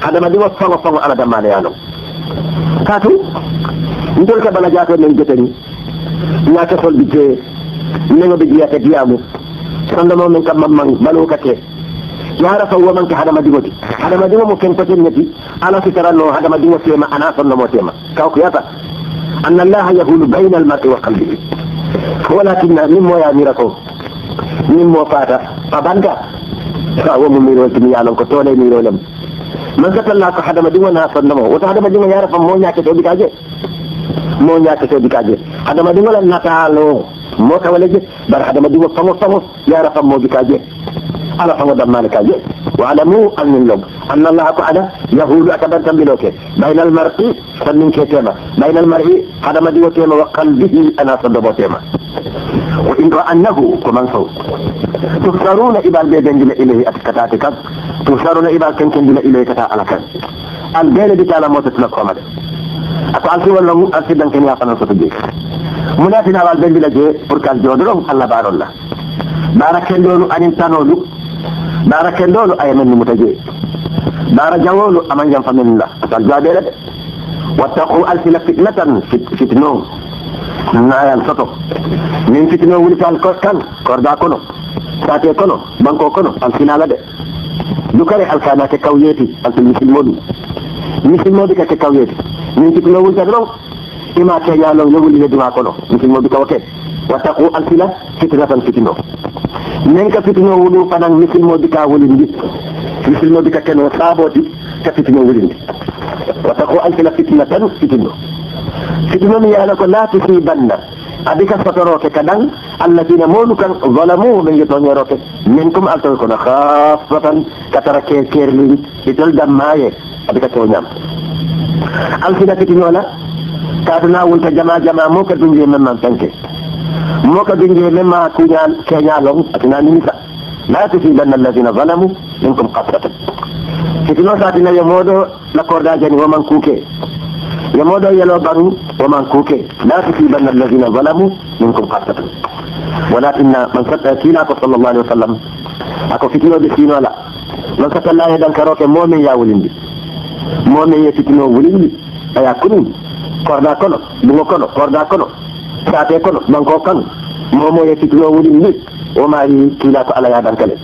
hadamadiŋo faŋo faŋo alla damaaleya loŋ kaatu ntolu ka bala jaatoo meŋ joteŋ naate fol bi jee meŋo bi jeyata diyaamu sandomoo meŋ ka mammaŋ baloo ka ke yaara fa woman ke hadamadiŋo ti hadamadiŋo mu kenkoteŋ ne ti alla sitara noo hadamadiŋo teema anaa sonnomoo teema kawkuyata أن الله يهول بين المرء وقلبه ولكن مما يامركم مما فاتا فبانك فهو مميرون تميانا كتولي ميرولم man satalla ko hadamadiŋo naŋ fannamo woto hadamadiŋo ñaara fam moo ñaketo bi ka je moo ñaketo bi ka je hadamadiŋo la nataalo moo ka wala je bari hadamadiŋo faŋo faŋo ñaara fam moo bi ka je ala faŋo dammaani ka je واعلموا ان اللب ان الله تعالى يقول اتبن تنبلوك بين المرء فمن كتما بين المرء هذا مدي وتيما وقلبه انا صدب وتيما وان انه كمن فوق تفترون الى البيت اليه اتكتاتك tusaru na iba kenken dina ile kata alakan al bele bi tala mota tula ko made ako al ti wala al ti danken ya fanan soto je munati na wal ben bi la je pour kal jodoro alla barolla baraken dolu anin tanolu baraken dolu ayamen ni mutaje دار جوال أمن ينفع من الله فالجابرة واتقوا ألف فتنة فتنة لا ينسطو من فتنة ولك الكوكان كوردا كونو ساتي كونو بانكو كونو الفنالة ده lu dukare alkanake kawyeti alto misilmo ɗum misilmoɓe kake kawyeti min sipino wulta ɗon ima keñano yowulide duma kono misilmoɓe kawte wattaku alsila fitina tan fitino min ka fitino wulu fanan misilmoɓe ka wulindi misilmoɓe ka keno saaboti ka fitino wulindi wattaku alsila fitina tan fitino fitino mi yaala ko la tusibanna abika sotorote kadang alladina molu kan zalamu min yetoñorote minkum altoy kono khafatan katara ke kerlin itol dammaye abika toñam alfina kitiñola katana wonta jama jama mo ka dunje men man tanke mo ka dunje men ma kuñan keñalon atina nimisa la tusibanna alladina zalamu minkum qasratan kitino satina yomoɗo l'accordaji ani woman kuke يمودا يلو بانو ومن كوكي لا تصيبن الذين ظلموا منكم خاصة ولكن من ستا كينا صلى الله عليه وسلم أكو فتنو بسينو لا من ستا الله يدن كروك مؤمن يا ولندي مؤمن يفتنو ولندي أيا كنون كوردا كنو دمو كنو كوردا كنو ساتي كنو منكو كنو momo ye fitino wuri ni o mari kila ko ala ya dan kale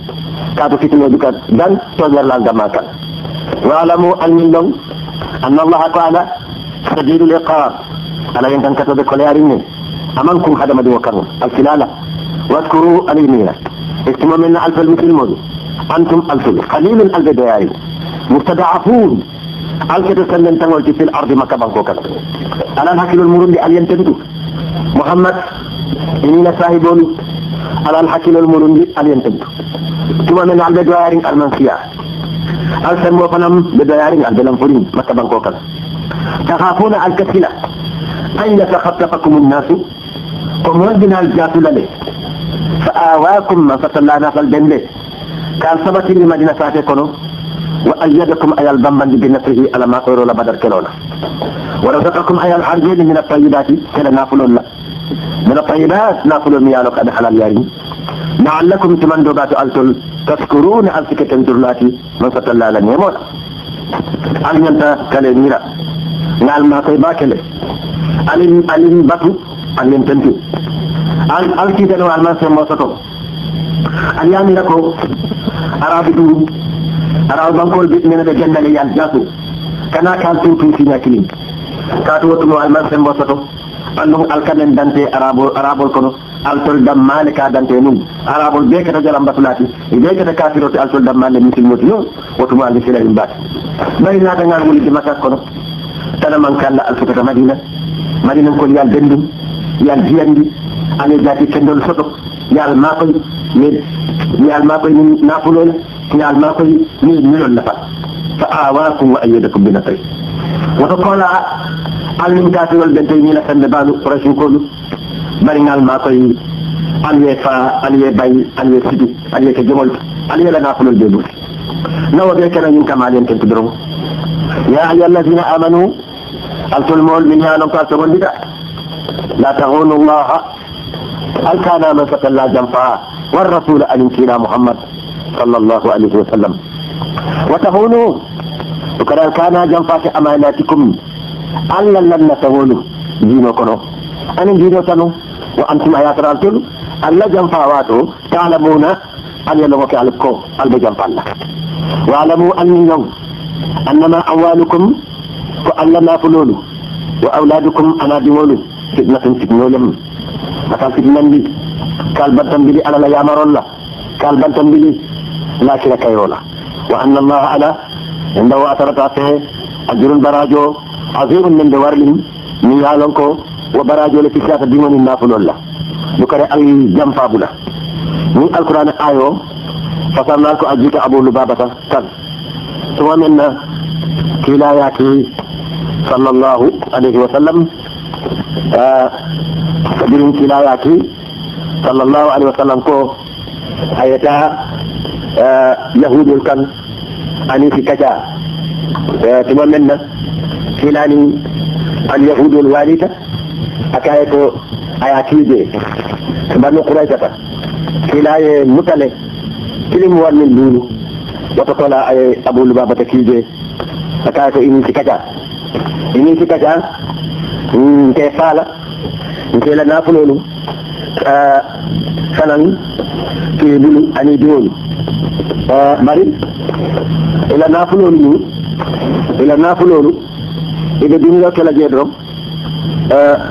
ka to fitino duka dan to yer lan dama kan wa alamu an min dong anna allah ta'ala شديد الإقار على إن كان كتب كل يارين أمامكم هذا ما ذكرنا الكلالة واذكروا الإيمان اجتمع منا ألف المثل المدو أنتم ألف قليل ألف دعائي مستضعفون ألف تسلم تنولتي في الأرض ما كبان كوكس ألا الحكيل المرون لألين تنتو محمد إنينا ساهدون ألا الحكيل المرون لألين تنتو اجتمع منا ألف دعائي المنسيا ألف سنوفنا بدعائي ألف لنفرين ما كبان كوكس تخافون على الكسلة أن يتخطفكم الناس بنا الجات لله فآواكم من فتلانا لي كان صبتي لمدينة ساتي كنو وأيدكم أي البنبن بنفسه على ما قيروا لبدر كلونا ورزقكم أي الحرجين من الطيبات كلا نافلون لا من الطيبات نافلون ميالو قد حلال يارين لعلكم تمندوا باتو ألتل تذكرون ألتك تنزرلاتي من فتلانا نيمون أن ينتا كلمينا ngal ma koy bakele alin alin batu alin tentu al al ki dano al man mo soto al yani rako arabi du arabi bankol bit mena be gendale yal jasu kana kan tu tu sina kilin ka to to al man mo soto andum al kanen dante arabo arabo kono altol dammaane ka dante num arabol be kata jalam batulati e be kata kafiroti altol dammaane misil moti yo wotuma alisila imbat bari naata ngal wuli di makas kono talaman kalla alfotata madina madina kol yal denndum yal jiyandi ala jaati kendol soto yaal makoy ni yaal makoy ni nafulol yaal makoy ni milol nafa fa awakum wa ayyadakum bi nasri woto kola almin kafirol ɓen tawi nila fende baɗu quraisin koɗu barigal makoy aliye fa aliye bay aliye sidi aliye ke jomol aliye la nafulol be ɓuti nawo ɓe kena ñin kam aliyen tentu dorom ya ayuha alladina amanu هل تلمون من يا لم كاسر البدع لا تغون الله هل كان من تقلى جنفا والرسول أن كنا محمد صلى الله عليه وسلم وتهونوا وكذا كان جنفا في أماناتكم ألا لن تهونوا دينكم كنو أنا دينو تنو وأنتم آيات رأيتم ألا جنفا واتو تعلمون أن يلوك على الكو البجنفا واعلموا أن يوم أنما أموالكم ko allah naafololu wa awladukum anaadi wolu fitnatin fitnolem akal fitnandi kal bantambili alala yamarolla kal bantambili lakira kayola wa anna allaha ala endawo atarata fehe ajurun barajo azimun men de warlin min yalon ko wa barajo le fikrata dingoni nafololla dukare ay jam fabula ni alquran ayo fasarnal ko ajuta abu lubabata kan to wamenna kila yaki sallallahu alaihi wasallam kabirin eh, kinayaki sallallahu alaihi wasallam ko ayata eh, yahudul kan ani fi kaja tuma eh, menna kinani al yahudul walita akaye ko ayatije banu qurayshata kilaye mutale kilim warnin dulu wata kola ay abul babata kije akaye ko ini fi kaja min ci kaca nke faala nke la naafuloolu fanan ke bulu ani diwolu bari ila naafuloolu ni ila naafuloolu ibe dunilo kela jeedorom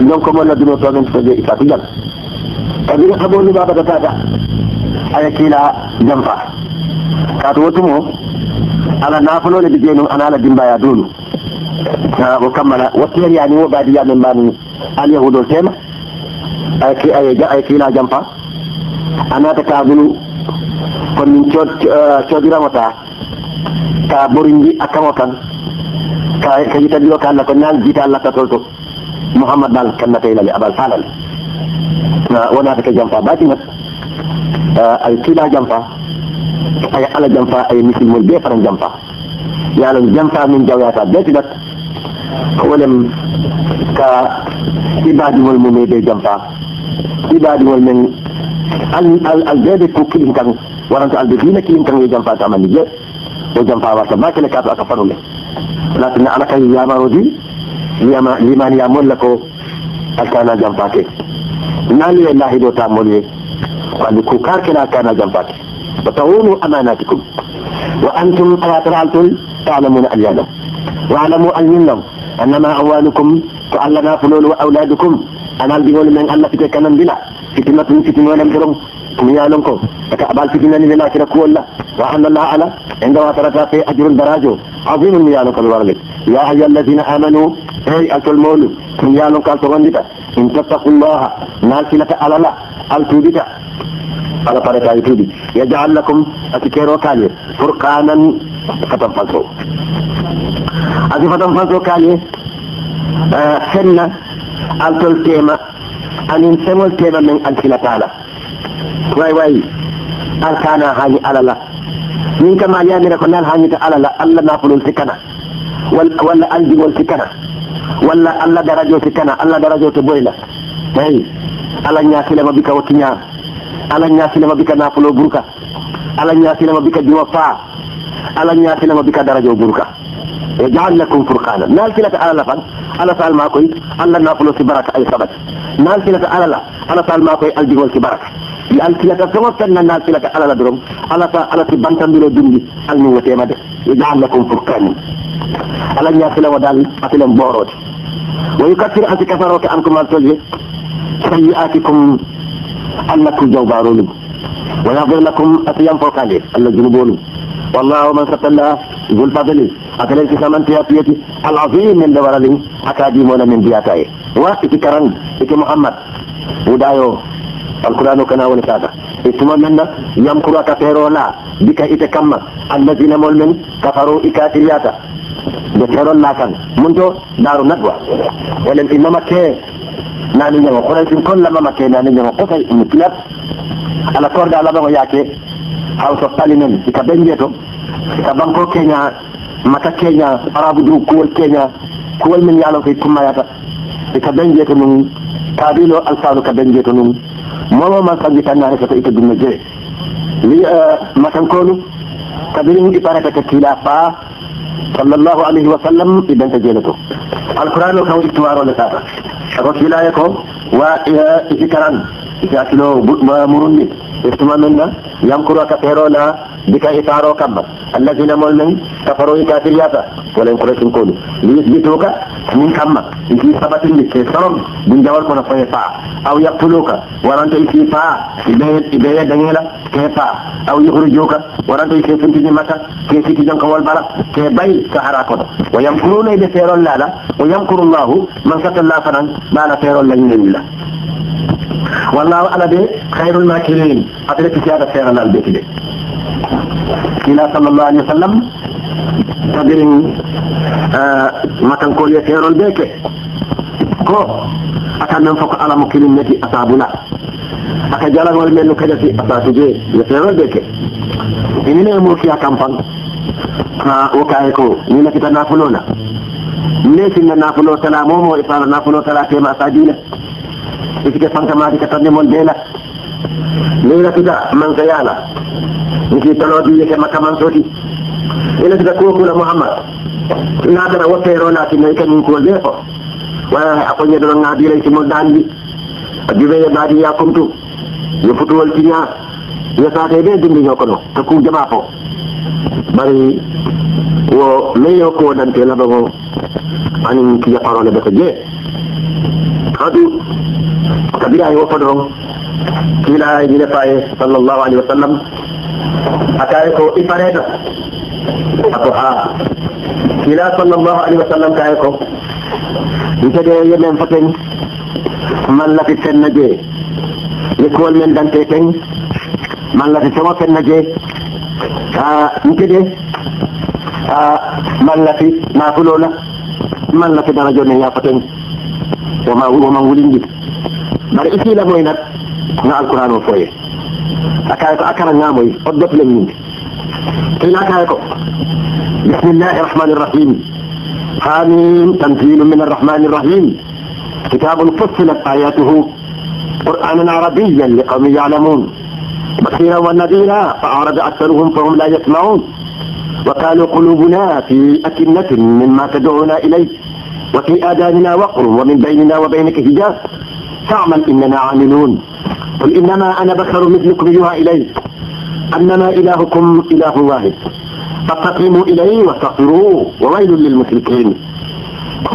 non ko mon la duno toomen toje ifatu jal kadi ga xaboolu babata taata aya kiila jam fa kaatu wotumo ala naafuloole bi jeenu ana ala dimbaya duolu وكمل والسيرياني وبعد من بني اليهود التيمة أي كيلا جنفا أنا تكابل كن من شود رمتا كابورنجي أكموتا كيتدلو كان لكن نال جيتا الله تطلتو محمد بن كنا تيلا لأبال فعلا وانا تكجنفا باتنا أي كيلا جنفا أي على جنفا أي مثل ملبية فرن جنفا يعني جنفا من جوياتا بيتدت ولم ka ibadi wal mu mede jampa ibadi wal men al al al gade ko kilin kan waranta al dina kilin kan ye jampa ta mani je o jampa wa ta makale ka ta faru le lakin ana kai ya marodi yama liman ya mulla ko akana jampa ke nali wallahi do ta mulye wal ku kar kana kana jampa ke fatawunu amanatikum wa antum ala ta'lamun al yadam wa alamu al yadam انما اموالكم تعلمها فلول واولادكم انا البيول من الله في كنان بلا في كلمة في كلمة ولم ترم كم يعلمكم فكأبال في كنان لنا كنا كول لا وأن الله على عندما ترتا في أجر البراجو عظيم من يعلمكم الورلك يا أيها الذين آمنوا هي ألت المول كم يعلمك ألت غندك إن تتقوا الله نالك لك على الله ألت على طريقة يتودي يجعل لكم أتكير وكالي فرقانا ከተንፈሱ እዚ ከተንፈሱ ካሊ ሕና አልቶል tema anin tema teema meŋ alkinata la way way alkana hani alala la min kama yamira ko nal hañita ala la allah nafulol sikana kana walla aljigol si sikana walla allah darajo sikana alla allah darajo to boyla la ala ñasilema bika wo tiña ala ñasilema bika nafulo burka ala ñasilema bika juma faa على نيات لما بك درجة وبركة جعل لكم فرقانا نال سلة على لفن على سأل ما كوي على نافل سبرك أي سبت نال سلة على لا على سأل ما كوي الجيم والسبرك لأن سلة ان نال سلة على لدرم على سأل سبان ان دمي المن وتيمد جعل لكم فرقانا على نيات لما دال أتلم بورود ويكثر أنت كفاروك أنكم أرسلي سيئاتكم أنكم جوبارون ويغفر لكم أتيام فرقانا الذين بولون والله من ستلا ذو الفضل أكلك سمن تياتيتي العظيم من دورالي أكاديمون من بياتاي وإتي كرن إتي محمد ودايو القرآن كنا ونسادا إتما من يمكرا كفيرولا بك إتي الذين مؤمن كفروا إكاترياتا بكيرولا كان منذ دار الندوة ولم إمامك كي ناني نيو قرأت كل ما مكي ناني نيو قصي مكلب على كورد على بغياكي hausa salinen ita benje to ita banko kenya mata kenya arabu du kuwol kenya kuwol min yalon koye tummayata ita benje to num kabilo alfanu ka benje to num momo man sanji tannani koto ita dumme jee li matankolu kabirin iparata ka kiila faa sallallahu alayhi wa sallam ibenta jeele to alqur'an o kan woni tuwarole tata ako kiilaye ko wa isi karan isi hakkilo murunni استما يمكروا كثيرا بك إثارو كما الذين مولن كفروا كافر يافا ولا يمكروا كوني ليثبتوك من كما إنكي سبت لك سرم من جوال كنا فيفا أو يقتلوك ورانت إنكي فا إبايا دنيلا كيفا أو يخرجوك ورانت إنكي سنتي مكة جنك تجنك والبلا باي سهرا كنا ويمكرون إذا ثيرا لا ويمكر الله من قتل الله فنان ما لا ثيرا لا ينين الله والله أنا بي خير الماكرين أدرك كتابة خير أنا البيت دي إلى صلى الله عليه وسلم تدرين آه ما تنقول يا خير البيت كو أكا من فوق على مكلمة أصابنا أكا جلال والمين كده في أساسجي يا خير البيت إننا يمرك يا كمفان وكايكو نينا كتاب نافلونا ليس إننا نافلو سلامهم وإصال نافلو سلامهم أساجينا isiga fankamaatika tanne mon leela leylatuta ke nisi sodi makka mansoti leylatuta kuwokula muhammad naatara wotteero laatinna ika min kuwol ɓee fo waya a koñe ɗono ŋaabiray simol daandi a juweye baadiya kumtu yo futuwol tiña yo saate ɓe ko kono to ku jama ko bari wo meyo ko dan ani ki ya parole be ko je hadu kabirahe woffode on kiila e mine faye sallllahu alayhi wa sallam akaye ko ipareta ako ha kiila sallllahu alayhi wa sallam kaye ko mi kadi yemen foten mallati fenna jee yekkuwol men dante ten mallati tomo fenna jee mi kadi mallati nafulola mallati darajo ne yafoten woma woman wulindi بسم isi la moy nak na alquran foye akay ko akara nga moy la te la kay ko bismillahir rahmanir rahim تنزيل من الرحمن الرحيم كتاب فصلت آياته قرآنا عربيا لقوم يعلمون بصيرا ونذيرا فأعرض أكثرهم فهم لا يسمعون وقالوا قلوبنا في أكنة مما تدعونا إليه وفي آذاننا وقر ومن بيننا وبينك حجاب تعمل إننا عاملون قل إنما أنا بشر مثلكم يوها الي أنما إلهكم إله واحد فاستقيموا إليه واستغفروه وويل للمشركين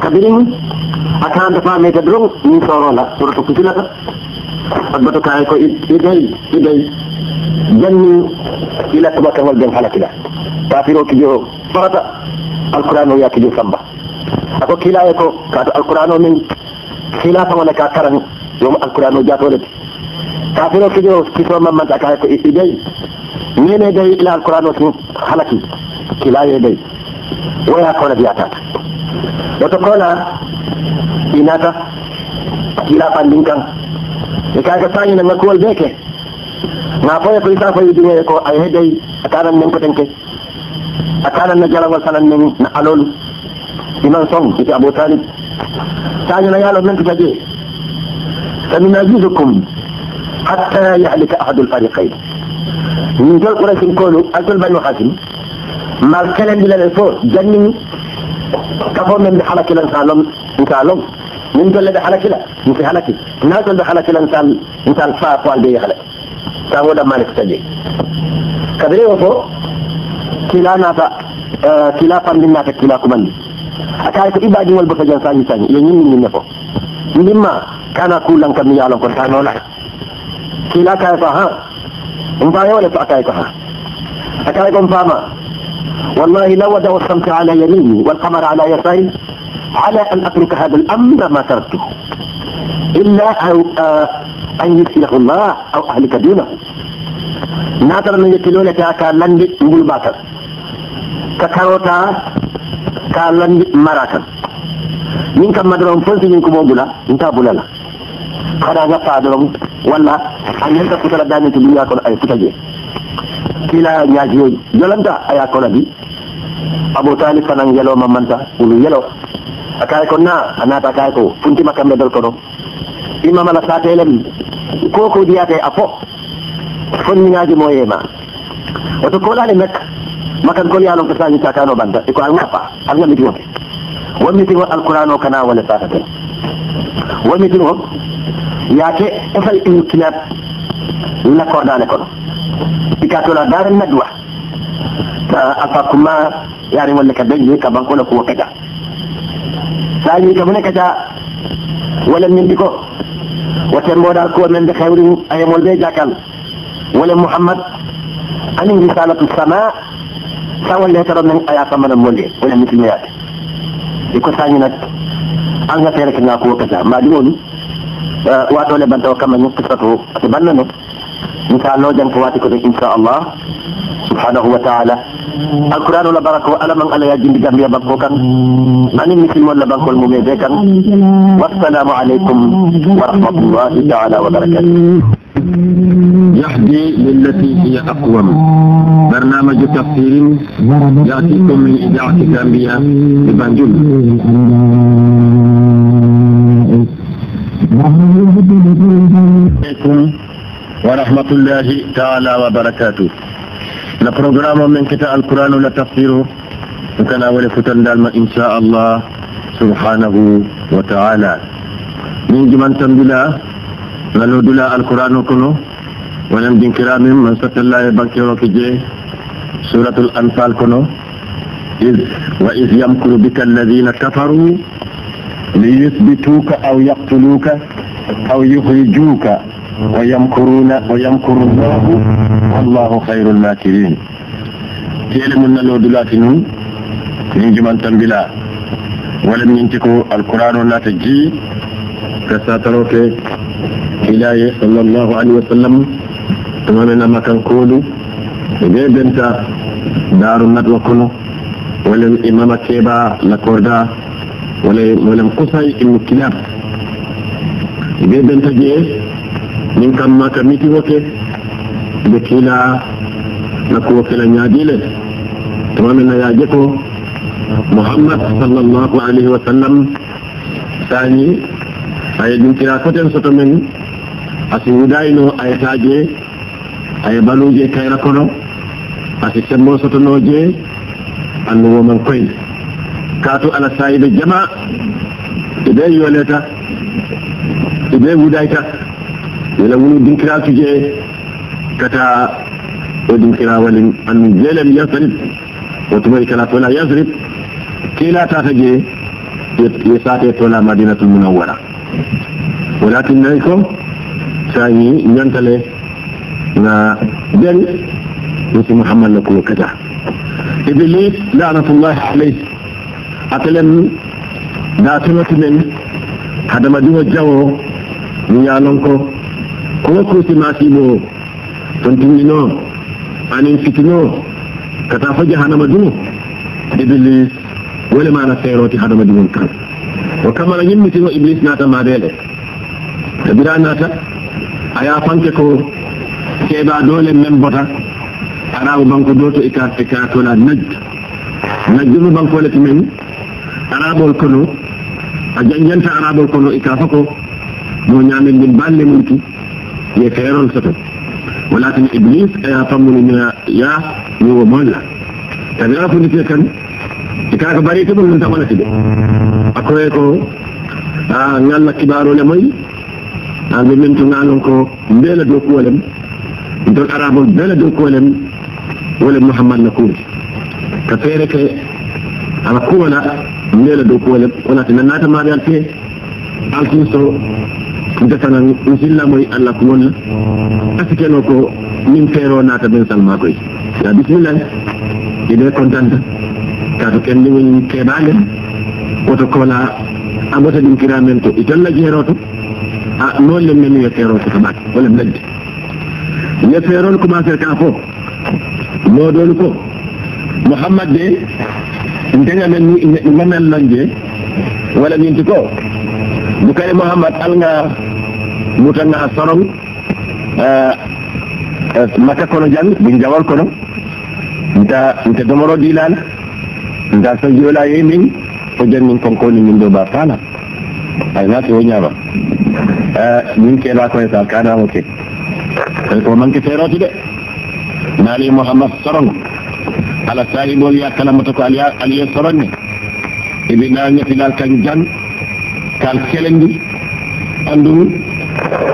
كبيرين أكان دفع ما يتدرون من صورة لا سورة كتلة أدبتو كايكو إدي إدي جنن إلى تبكى والجنحة لكلا تافيرو كجيرو فرطة القرآن ويا كجيرو سمبا أكو كلا يكو القرآن من خلافة ولكا كرن yo alqur'ano jatolete kafiro kijo kiso mamanta kay ko isi dey ñene dey ila alqur'ano tin halaki kilaye dey waya kona biyata woto kona inata kila pandin kan e kay ko tani na ngakol beke na foye ko isa foye dinge ko ay hedey atanan men ko tenke atanan na jalangol sanan men na alol iman song ite abou talib tani na yalo men ko taje سننازلكم حتى يهلك أحد الفريقين من جل قريش نقولوا أتل بنو حاتم ما الكلام إلى الفور جنني كفر من بحلك الانسان انسان من جل بحلك لا انت حلك نازل بحلك الانسان انسان فاق والبي يحلك كان هو ما نستجي كبري وفو كلا نافا آه، كلا فان لنا كلا كمان أكارك إبادي والبكجان ساني يعني ساني ينين من نفو lima كان kulang kami ya Allah Quran Allah kila kaya faham umpaya wala tak kaya faham akala kau faham والله لو وضع الشمس على يميني والقمر على يساري على أن أترك هذا الأمر ما تركته إلا أو أن يسله الله أو أهلك دونه ناتر من يتلون كاكا لندي مبلباتا كاكاروتا كالندي مراتا min kam madron fon sinin ko modula bulala kada ga fa wala, walla an yanta kutala dani to duniya ko ay kutaje kila nyaaji yoy yolanta aya ko nabi abu talib fanan yelo mamanta ulu yelo akay ko na anata kay ko funti makam dol ko do imam ala satelem ko ko diyate afo fonni nyaaji moyema ya, wato ko laale mek makan ko yalon ko sanyi takano banda iko an apa? an ngam diwote ومثل القران كنا ولا يقولون ومثلهم ياتي افل انكلاب لا يقولون لكم ديكاتولا دار الندوه فاقاكما يقولون يعني ولك بيني كما نقول لك يقولون ثاني كما نكدا ولم يندكو يقولون كو من دخيل اي مول يقولون جاكل ولم محمد ان رساله السماء سوى يقولون ترى من اياك من المولي يقولون مثل ياتي iko sañi nag engagére ke ngakuwo kata mbaɗi on waɗole banta o kamma ñekkitoto ate bannano misalo jang ko wati koto inchallah subhanahu wa taala alquran ola baraka o alaman ala ya jindi gambiya banko kan mani misilmol la bankol mum e ɓe kan wassalamu aleykum wa rahmatullahi taala wa barakatuh يهدي للتي هي أقوم برنامج تفسير يأتيكم من إذاعة الأنبياء ببنجول عليكم ورحمة الله تعالى وبركاته لبرنامج من كتاب القرآن لتفسيره وكان أول فتن دالما إن شاء الله سبحانه وتعالى من جمان تنبلا lalo dula alqur'anu kono wonam din kiramim man sattallahi bankiro ke je suratul anfal kono iz wa iz yamkuru bika alladhina kafaru liyuthbituka aw yaqtuluka aw yukhrijuka ويمكرون ويمكر الله والله خير الماكرين تيلي من لو دلاتي نون نجمان تنبلا ولم ينتكو القرآن ناتجي كساتروكي الله hilaye sallallahu alaihi wasallam tuma mena كان koolu be بنتا دار natwa kono ولا إمام كيبا لكوردا ولا ولا قصي إن كلاب إذا بنت جيس من كم ما ميتي وكي بكيلا نكو وكيلا نياديل تمام نياجكو محمد صلى الله عليه وسلم ثاني أي بنت لا فتن ستمن asi hudayino aye taje aye baluje kayra kono asi sembo sotonoje annu woman koyne kaatu ala sayiɓe jama eɓe yoleta eɓe wudayta yela wulu dinkiratuje kata o dinkira walin andu jeelem yasrib wotumoy kala tola yasrib kila tata je ye sate tola madinatul munawwara walatin nayi ko sanyi nyantale na ben musi muhammad la ko kata iblis la'natullah alayh atelem da tunati men hadama diwa jawo ni yalon ko ko ko si ma si bo ton tinino anin fitino kata fa jahannama dunu iblis wala mana feroti hadama dimun kan wa kamala nyimmi tino iblis nata ma dele tabira nata a ye a fanke ko keɓa dole men bota arabu banko do to ika e ika e tola najd najdunu banko le timen arabol kono a janjanta arabol kono ika e fako mo ñamen min balle mum keerol ye feerol soto walakin iblis aya fammuni ya ya yowo molla tabi a funike kan ika ko bari tebol num tawalati de akoye ko a ngalla kibarole moyi andu min to ngalon ko bela do kolem don arabo bela do kolem wala muhammad na kuuri ka feere ke ala kuwala bela do kolem wala tan nata ma dal te alkin so defana misilla moy alla ko wonna asikeno ko min feero nata ben salma koy ya bismillah ide contente kato kendi woni keɓagal woto kola a ɓota ɗin kiramen to itolla jeeroto noonu ah, la mel ni nga teeroo ko sa baat wala mbedd nga teeroon commencé kaa fo moo doon ko muhammad de ndega mel ni nga mel lan de wala ninti ko bu kay muhammad al nga muta nga sorong eh, eh, maka kono jang bin jawal kono nta nta domoro lan nta so jola yemin ko jannin konko ni min do ba tala ay na to nyaba min ke la koy sal kana mo ke ko man ke teroti de nali muhammad saron ala sahibol ya kalamata ko aliya aliya saron ne ibi na nyati dal kan jan kal kelendi andum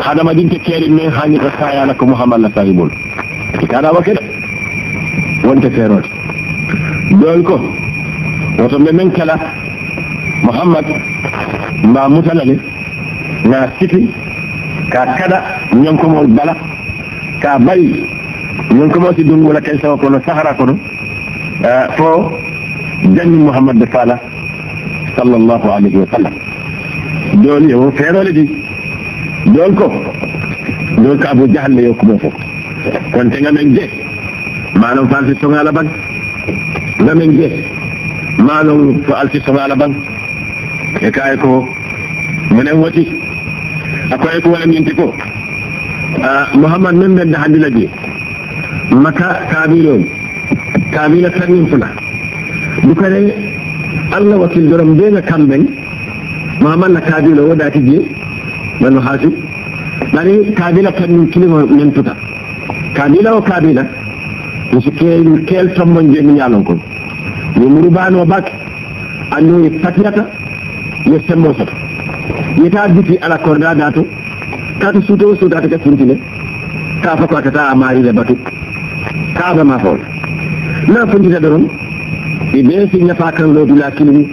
hadama din te keri me hani ka saya la ko muhammad la sahibol kana wa ke wonte teroti dol ko woto men kala muhammad ma mutalale ma siti ka kaɗa ñonkomol bala ka bayi ñonkomo si dungu wala kañ sawa kono sahara kono e, fo janni mouhamad de fala sallllahu alayhi wa sallam joni yo feerole di jon ko jon ko abou diahalle yo kumo fof kon te ngamen je manon fa alti soŋala ban ngamen je manon fo alti soŋala ban e kay ko minen woti akoye ko wala ñinti ko muhammad min ɓedde haddila je maka kabilol kabila tanin fula dukane allah wakil dorom mbena kamɓen muhammad na kabila o dati je banu hasib ɗani kabila tanin kilimo men tuta kabila o kabila misi ke kel tommon je mi yalon kon yo murubano bak annoye fatiyata yo sembo soto yeta biti ala korda dato katu suto sudata ka sintine ka fa ko kata amari le batu ka ba ma fo na funtita doron e be si nyafa kan lo dula kilimi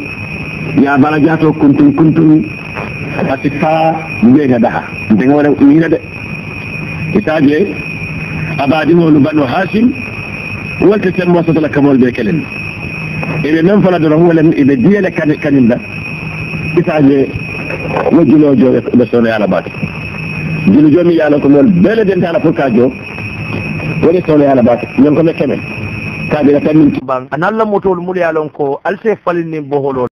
ya bala jato kuntum kuntum ati fa be ga daha de ngore ni de itaje abadi mo lu banu hashim walta tan wasata la kamol be kelen e be men fala doron wala e be diele kan kaninda itaje no julo jo ɓe sono yaala baate julo jomi yaala ko noon bele den taala pour ka jo woni sono yaala baate ñon ko me kemen kaɓira tanmin ban anallamotol mulyalon ko alte falini boholol